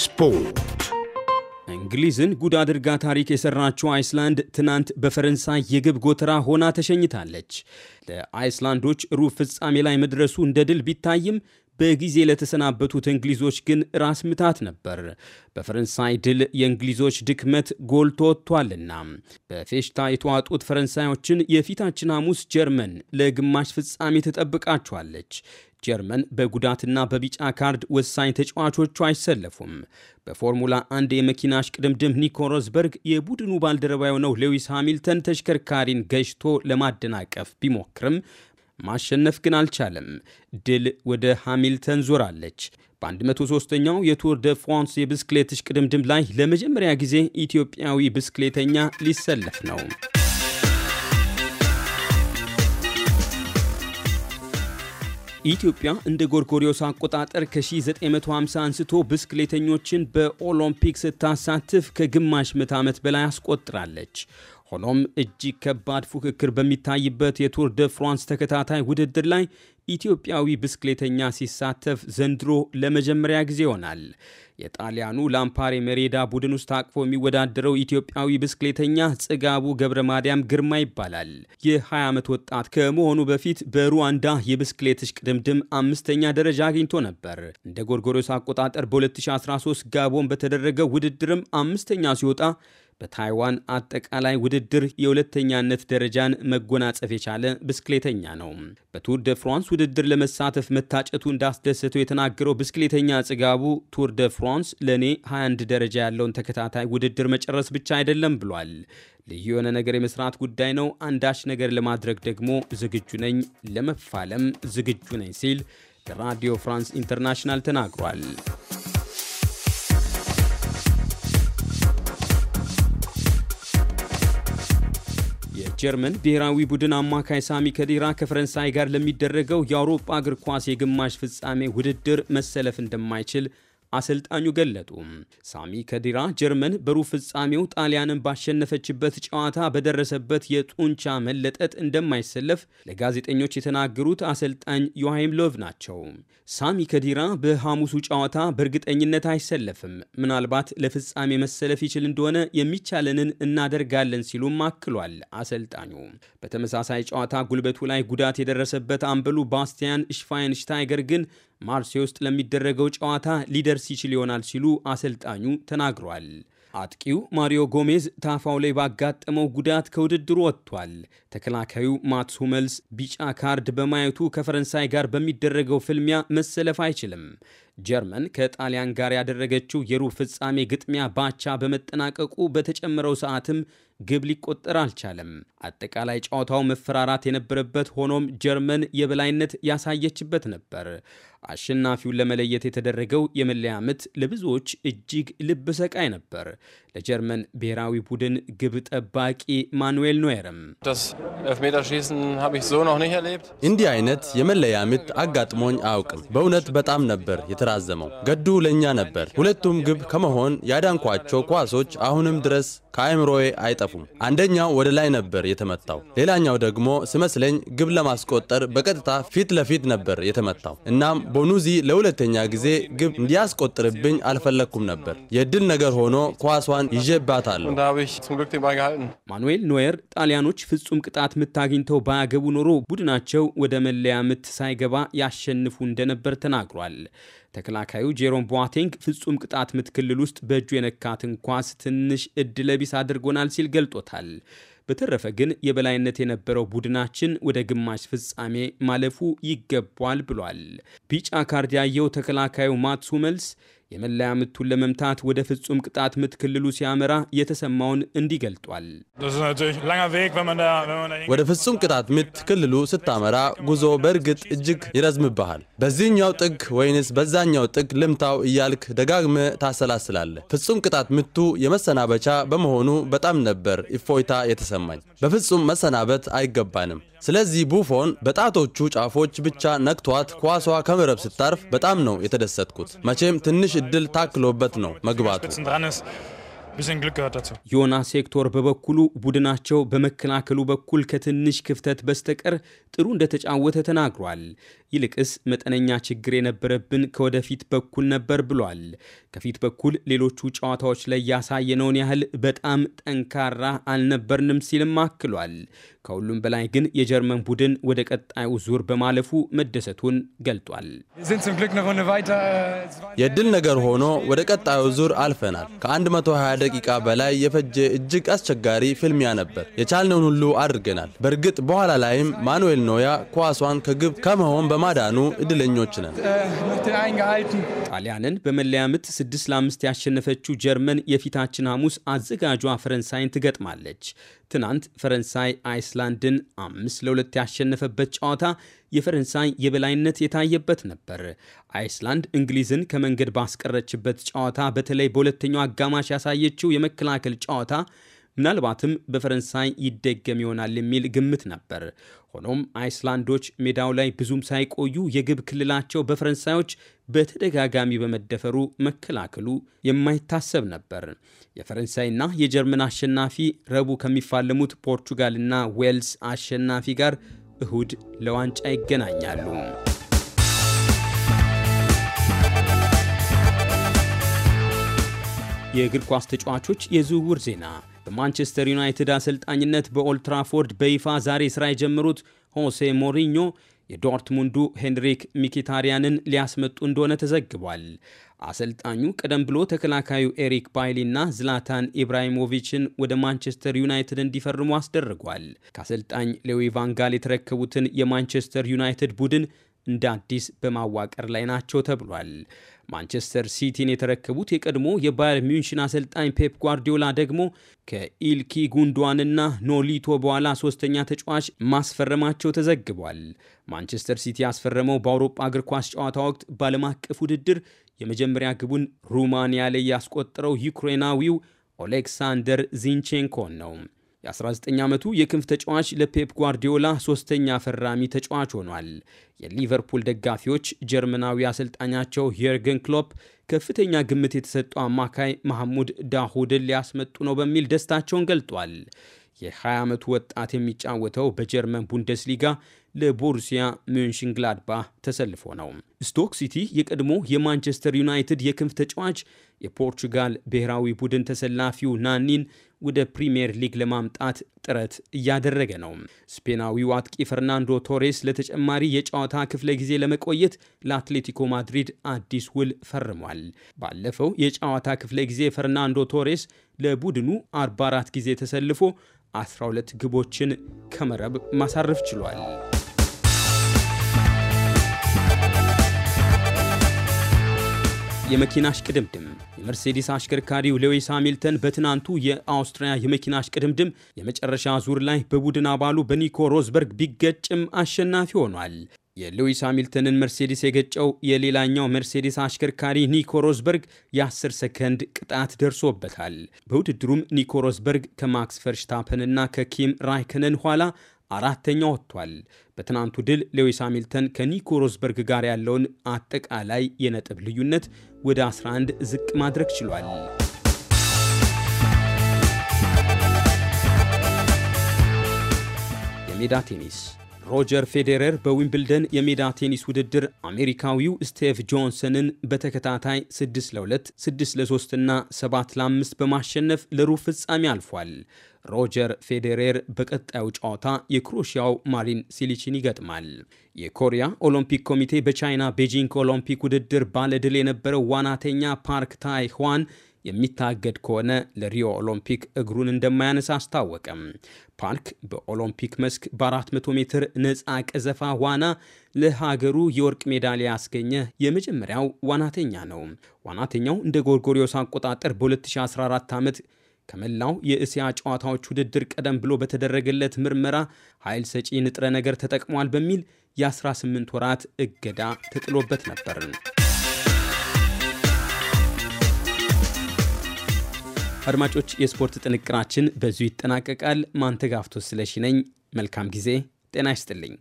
ስፖርት እንግሊዝን ጉድ አድርጋ ታሪክ የሰራችው አይስላንድ ትናንት በፈረንሳይ የግብ ጎተራ ሆና ተሸኝታለች። ለአይስላንዶች ሩብ ፍጻሜ ላይ መድረሱ እንደ ድል ቢታይም በጊዜ ለተሰናበቱት እንግሊዞች ግን ራስ ምታት ነበር። በፈረንሳይ ድል የእንግሊዞች ድክመት ጎልቶ ወጥቷልና በፌሽታ የተዋጡት ፈረንሳዮችን የፊታችን ሐሙስ ጀርመን ለግማሽ ፍጻሜ ትጠብቃቸዋለች። ጀርመን በጉዳትና በቢጫ ካርድ ወሳኝ ተጫዋቾቹ አይሰለፉም። በፎርሙላ አንድ የመኪና እሽቅድምድም ኒኮ ሮዝበርግ የቡድኑ ባልደረባ የሆነው ሌዊስ ሃሚልተን ተሽከርካሪን ገጭቶ ለማደናቀፍ ቢሞክርም ማሸነፍ ግን አልቻለም። ድል ወደ ሃሚልተን ዞራለች። በ103ኛው የቱር ደ ፍራንስ የብስክሌት እሽቅድምድም ላይ ለመጀመሪያ ጊዜ ኢትዮጵያዊ ብስክሌተኛ ሊሰለፍ ነው። ኢትዮጵያ እንደ ጎርጎሪዮስ አቆጣጠር ከ1950 አንስቶ ብስክሌተኞችን በኦሎምፒክ ስታሳትፍ ከግማሽ ምት ዓመት በላይ አስቆጥራለች። ሆኖም እጅግ ከባድ ፉክክር በሚታይበት የቱር ደ ፍራንስ ተከታታይ ውድድር ላይ ኢትዮጵያዊ ብስክሌተኛ ሲሳተፍ ዘንድሮ ለመጀመሪያ ጊዜ ይሆናል። የጣሊያኑ ላምፓሬ መሬዳ ቡድን ውስጥ አቅፎ የሚወዳደረው ኢትዮጵያዊ ብስክሌተኛ ጽጋቡ ገብረ ማርያም ግርማ ይባላል። የ20 ዓመት ወጣት ከመሆኑ በፊት በሩዋንዳ የብስክሌት እሽቅድምድም አምስተኛ ደረጃ አግኝቶ ነበር። እንደ ጎርጎሮስ አቆጣጠር በ2013 ጋቦን በተደረገው ውድድርም አምስተኛ ሲወጣ በታይዋን አጠቃላይ ውድድር የሁለተኛነት ደረጃን መጎናጸፍ የቻለ ብስክሌተኛ ነው። በቱር ደ ፍራንስ ውድድር ለመሳተፍ መታጨቱ እንዳስደሰተው የተናገረው ብስክሌተኛ ጽጋቡ ቱር ደ ፍራንስ ለእኔ 21 ደረጃ ያለውን ተከታታይ ውድድር መጨረስ ብቻ አይደለም ብሏል። ልዩ የሆነ ነገር የመስራት ጉዳይ ነው። አንዳች ነገር ለማድረግ ደግሞ ዝግጁ ነኝ፣ ለመፋለም ዝግጁ ነኝ ሲል ለራዲዮ ፍራንስ ኢንተርናሽናል ተናግሯል። ጀርመን ብሔራዊ ቡድን አማካይ ሳሚ ከዲራ ከፈረንሳይ ጋር ለሚደረገው የአውሮፓ እግር ኳስ የግማሽ ፍጻሜ ውድድር መሰለፍ እንደማይችል አሰልጣኙ ገለጡ። ሳሚ ከዲራ ጀርመን በሩብ ፍጻሜው ጣሊያንን ባሸነፈችበት ጨዋታ በደረሰበት የጡንቻ መለጠጥ እንደማይሰለፍ ለጋዜጠኞች የተናገሩት አሰልጣኝ ዮሃይም ሎቭ ናቸው። ሳሚ ከዲራ በሐሙሱ ጨዋታ በእርግጠኝነት አይሰለፍም፣ ምናልባት ለፍጻሜ መሰለፍ ይችል እንደሆነ የሚቻለንን እናደርጋለን ሲሉም አክሏል አሰልጣኙ። በተመሳሳይ ጨዋታ ጉልበቱ ላይ ጉዳት የደረሰበት አምበሉ ባስቲያን ሽፋይንሽታይገር ግን ማርሴ ውስጥ ለሚደረገው ጨዋታ ሊደርስ ይችል ይሆናል ሲሉ አሰልጣኙ ተናግሯል። አጥቂው ማሪዮ ጎሜዝ ታፋው ላይ ባጋጠመው ጉዳት ከውድድሩ ወጥቷል። ተከላካዩ ማትስ ሁመልስ ቢጫ ካርድ በማየቱ ከፈረንሳይ ጋር በሚደረገው ፍልሚያ መሰለፍ አይችልም። ጀርመን ከጣሊያን ጋር ያደረገችው የሩብ ፍጻሜ ግጥሚያ ባቻ በመጠናቀቁ በተጨመረው ሰዓትም ግብ ሊቆጠር አልቻለም። አጠቃላይ ጨዋታው መፈራራት የነበረበት ሆኖም ጀርመን የበላይነት ያሳየችበት ነበር። አሸናፊውን ለመለየት የተደረገው የመለያ ምት ለብዙዎች እጅግ ልብ ሰቃይ ነበር። ለጀርመን ብሔራዊ ቡድን ግብ ጠባቂ ማኑኤል ኖየርም እንዲህ አይነት የመለያ ምት አጋጥሞኝ አያውቅም፣ በእውነት በጣም ነበር የተራ ተራዘመው። ገዱ ለእኛ ነበር። ሁለቱም ግብ ከመሆን ያዳንኳቸው ኳሶች አሁንም ድረስ ከአእምሮዬ አይጠፉም። አንደኛው ወደ ላይ ነበር የተመታው፣ ሌላኛው ደግሞ ስመስለኝ ግብ ለማስቆጠር በቀጥታ ፊት ለፊት ነበር የተመታው። እናም ቦኑዚ ለሁለተኛ ጊዜ ግብ እንዲያስቆጥርብኝ አልፈለግኩም ነበር። የድል ነገር ሆኖ ኳሷን ይዤባታለሁ። ማኑኤል ኖየር ጣሊያኖች ፍጹም ቅጣት ምት አግኝተው ባያገቡ ኖሮ ቡድናቸው ወደ መለያ ምት ሳይገባ ያሸንፉ እንደነበር ተናግሯል። ተከላካዩ ጄሮም ቦአቴንግ ፍጹም ቅጣት ምት ክልል ውስጥ በእጁ የነካትን ኳስ ትንሽ ለቢስ አድርጎናል ሲል ገልጦታል። በተረፈ ግን የበላይነት የነበረው ቡድናችን ወደ ግማሽ ፍጻሜ ማለፉ ይገባል ብሏል። ቢጫ ካርድ ያየው ተከላካዩ ማትሱ ሁመልስ የመለያ ምቱን ለመምታት ወደ ፍጹም ቅጣት ምት ክልሉ ሲያመራ የተሰማውን እንዲህ ገልጧል። ወደ ፍጹም ቅጣት ምት ክልሉ ስታመራ ጉዞ በእርግጥ እጅግ ይረዝምብሃል። በዚህኛው ጥግ ወይንስ በዛኛው ጥግ ልምታው እያልክ ደጋግመ ታሰላስላለ። ፍጹም ቅጣት ምቱ የመሰናበቻ በመሆኑ በጣም ነበር እፎይታ የተሰማኝ። በፍጹም መሰናበት አይገባንም። ስለዚህ ቡፎን በጣቶቹ ጫፎች ብቻ ነክቷት ኳሷ ከመረብ ስታርፍ በጣም ነው የተደሰትኩት። መቼም ትንሽ እድል ታክሎበት ነው መግባቱ። ብዙን ግልቅ gehört ዮናስ ሄክቶር በበኩሉ ቡድናቸው በመከላከሉ በኩል ከትንሽ ክፍተት በስተቀር ጥሩ እንደተጫወተ ተናግሯል። ይልቅስ መጠነኛ ችግር የነበረብን ከወደፊት በኩል ነበር ብሏል። ከፊት በኩል ሌሎቹ ጨዋታዎች ላይ ያሳየነውን ያህል በጣም ጠንካራ አልነበርንም ሲልም አክሏል። ከሁሉም በላይ ግን የጀርመን ቡድን ወደ ቀጣዩ ዙር በማለፉ መደሰቱን ገልጧል። የድል ነገር ሆኖ ወደ ቀጣዩ ዙር አልፈናል ከ120 ደቂቃ በላይ የፈጀ እጅግ አስቸጋሪ ፍልሚያ ነበር። የቻልነውን ሁሉ አድርገናል። በእርግጥ በኋላ ላይም ማኑኤል ኖያ ኳሷን ከግብ ከመሆን በማዳኑ እድለኞች ነን። ጣሊያንን በመለያ ምት 6 ለ5 ያሸነፈችው ጀርመን የፊታችን ሐሙስ አዘጋጇ ፈረንሳይን ትገጥማለች። ትናንት ፈረንሳይ አይስላንድን አምስት ለሁለት ያሸነፈበት ጨዋታ የፈረንሳይ የበላይነት የታየበት ነበር። አይስላንድ እንግሊዝን ከመንገድ ባስቀረችበት ጨዋታ በተለይ በሁለተኛው አጋማሽ ያሳየችው የመከላከል ጨዋታ ምናልባትም በፈረንሳይ ይደገም ይሆናል የሚል ግምት ነበር። ሆኖም አይስላንዶች ሜዳው ላይ ብዙም ሳይቆዩ የግብ ክልላቸው በፈረንሳዮች በተደጋጋሚ በመደፈሩ መከላከሉ የማይታሰብ ነበር። የፈረንሳይና የጀርመን አሸናፊ ረቡዕ ከሚፋለሙት ፖርቹጋልና ዌልስ አሸናፊ ጋር እሁድ ለዋንጫ ይገናኛሉ። የእግር ኳስ ተጫዋቾች የዝውውር ዜና በማንቸስተር ዩናይትድ አሰልጣኝነት በኦልትራፎርድ በይፋ ዛሬ ስራ የጀመሩት ሆሴ ሞሪኞ የዶርትሙንዱ ሄንሪክ ሚኪታሪያንን ሊያስመጡ እንደሆነ ተዘግቧል። አሰልጣኙ ቀደም ብሎ ተከላካዩ ኤሪክ ባይሊና ዝላታን ኢብራሂሞቪችን ወደ ማንቸስተር ዩናይትድ እንዲፈርሙ አስደርጓል። ከአሰልጣኝ ሌዊ ቫንጋል የተረከቡትን የማንቸስተር ዩናይትድ ቡድን እንደ አዲስ በማዋቀር ላይ ናቸው ተብሏል። ማንቸስተር ሲቲን የተረከቡት የቀድሞ የባየር ሚንሽን አሰልጣኝ ፔፕ ጓርዲዮላ ደግሞ ከኢልኪ ጉንዷንና ኖሊቶ በኋላ ሶስተኛ ተጫዋች ማስፈረማቸው ተዘግቧል። ማንቸስተር ሲቲ ያስፈረመው በአውሮፓ እግር ኳስ ጨዋታ ወቅት ባለም አቀፍ ውድድር የመጀመሪያ ግቡን ሩማንያ ላይ ያስቆጠረው ዩክሬናዊው ኦሌክሳንደር ዚንቼንኮን ነው። የ19 ዓመቱ የክንፍ ተጫዋች ለፔፕ ጓርዲዮላ ሶስተኛ ፈራሚ ተጫዋች ሆኗል። የሊቨርፑል ደጋፊዎች ጀርመናዊ አሰልጣኛቸው ሄርገን ክሎፕ ከፍተኛ ግምት የተሰጠው አማካይ መሐሙድ ዳሁድን ሊያስመጡ ነው በሚል ደስታቸውን ገልጧል። የ20 ዓመቱ ወጣት የሚጫወተው በጀርመን ቡንደስሊጋ ለቦሩሲያ ሚንሽንግላድባህ ተሰልፎ ነው። ስቶክ ሲቲ የቀድሞ የማንቸስተር ዩናይትድ የክንፍ ተጫዋች የፖርቹጋል ብሔራዊ ቡድን ተሰላፊው ናኒን ወደ ፕሪምየር ሊግ ለማምጣት ጥረት እያደረገ ነው። ስፔናዊው አጥቂ ፈርናንዶ ቶሬስ ለተጨማሪ የጨዋታ ክፍለ ጊዜ ለመቆየት ለአትሌቲኮ ማድሪድ አዲስ ውል ፈርሟል። ባለፈው የጨዋታ ክፍለ ጊዜ ፈርናንዶ ቶሬስ ለቡድኑ 44 ጊዜ ተሰልፎ 12 ግቦችን ከመረብ ማሳረፍ ችሏል። የመኪና አሽቅድምድም የመርሴዲስ አሽከርካሪው ሌዊስ ሃሚልተን በትናንቱ የአውስትሪያ የመኪና አሽቅድምድም የመጨረሻ ዙር ላይ በቡድን አባሉ በኒኮ ሮዝበርግ ቢገጭም አሸናፊ ሆኗል። የሉዊስ ሃሚልተንን መርሴዲስ የገጨው የሌላኛው መርሴዲስ አሽከርካሪ ኒኮ ሮዝበርግ የ10 ሰከንድ ቅጣት ደርሶበታል። በውድድሩም ኒኮ ሮዝበርግ ከማክስ ፈርሽታፐንና ከኪም ራይከነን ኋላ አራተኛ ወጥቷል። በትናንቱ ድል ሌዊስ ሃሚልተን ከኒኮ ሮዝበርግ ጋር ያለውን አጠቃላይ የነጥብ ልዩነት ወደ 11 ዝቅ ማድረግ ችሏል። የሜዳ ቴኒስ ሮጀር ፌዴረር በዊምብልደን የሜዳ ቴኒስ ውድድር አሜሪካዊው ስቴቭ ጆንሰንን በተከታታይ 6 ለ2፣ 6 ለ3 እና 7 ለ5 በማሸነፍ ለሩብ ፍጻሜ አልፏል። ሮጀር ፌዴሬር በቀጣዩ ጨዋታ የክሮሽያው ማሪን ሲሊችን ይገጥማል። የኮሪያ ኦሎምፒክ ኮሚቴ በቻይና ቤጂንግ ኦሎምፒክ ውድድር ባለድል የነበረው ዋናተኛ ፓርክ ታይዋን የሚታገድ ከሆነ ለሪዮ ኦሎምፒክ እግሩን እንደማያነሳ አስታወቀም። ፓርክ በኦሎምፒክ መስክ በ400 ሜትር ነፃ ቀዘፋ ዋና ለሀገሩ የወርቅ ሜዳሊያ ያስገኘ የመጀመሪያው ዋናተኛ ነው። ዋናተኛው እንደ ጎርጎሪዮስ አቆጣጠር በ2014 ዓመት ከመላው የእስያ ጨዋታዎች ውድድር ቀደም ብሎ በተደረገለት ምርመራ ኃይል ሰጪ ንጥረ ነገር ተጠቅሟል በሚል የ18 ወራት እገዳ ተጥሎበት ነበር። አድማጮች፣ የስፖርት ጥንቅራችን በዙ ይጠናቀቃል። ማንተጋፍቶ ስለሺ ነኝ። መልካም ጊዜ። ጤና ይስጥልኝ።